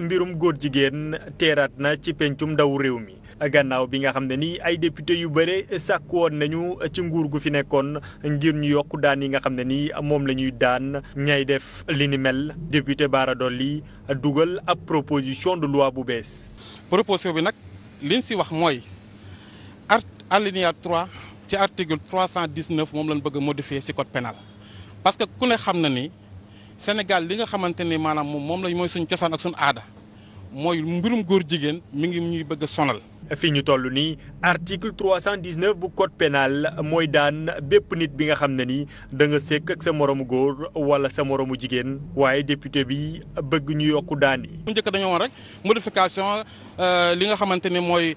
mbirum góor jigéen teeraat na ci pencum ndaw réew mi gannaaw bi nga xam ne ni ay député yu bëre sàkku woon nañu ci nguur gu fi nekkoon ngir ñu yokk daan yi nga xam ne ni moom la ñuy daan ñay def li ni mel député Bara Dolly dugal ab proposition de loi bu bees. proposition bi nag liñ si wax mooy art alinéa 3 ci article 319 moom lañ bëgg a modifier si code pénal ku ne xam na ni. Sénégal li nga xamante ne maanaam moom moom lañ mooy suñu cosaan ak suñu aada mooy mbirum góor jigéen mi ngi ñuy bëgg a sonal. fii ñu toll nii article 319 bu code pénal mooy daan bépp nit bi nga xam ne nii da nga sekk ak sa moromu góor wala sa moroomu jigéen waaye député bi bëgg ñu yokku daan yi. bu njëkk dañoo woon rek modification euh, li nga xamante ne mooy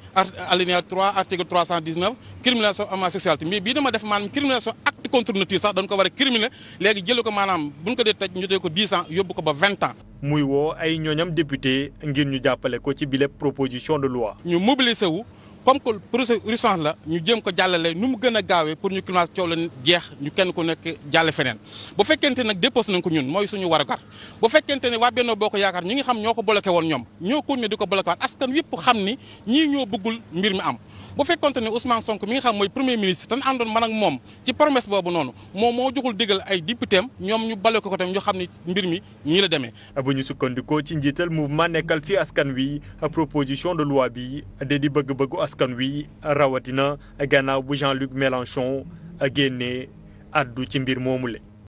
alinéa 3 article 319 criminalisation homosexualité mais bii dama def maanaam criminalisation acte contre sax dañ ko war a criminel léegi jëlee ko maanaam buñ ko dee tëj ñu dee ko 10 ans yóbbu ko ba 20 ans. muy woo ay ñooñam député ngir ñu jàppale ko ci bile proposition de loi. ñu mobiliser wu comme que projet urgence la ñu jéem ko jàllale nu mu gën a gaawee pour ñu climat coow la jeex ñu kenn ku nekk jàlle feneen bu fekkente nag déposé nañ ko ñun mooy suñu warugar bu fekkente ne waa boo ko Yaakaar ñi ngi xam ñoo ko woon ñoom ñoo ko ne di ko bloqué waat askan yëpp xam ni ñii ñoo bëggul mbir mi am bu fekkonte ne Ousmane Sonko mi ngi xam mooy premier ministre tan àndoon man ak moom ci promesse boobu noonu moom moo joxul digal ay député ñoom ñu bale ko ko tam ñu xam ni mbir mi ñii la demee bu ñu sukkandikoo ci njiital mouvement nekkal fii askan wi proposition de loi bi da di bëgg-bëggu askan wi rawatina gannaaw bu Jean-Luc Mélenchon génnee addu ci mbir moomu le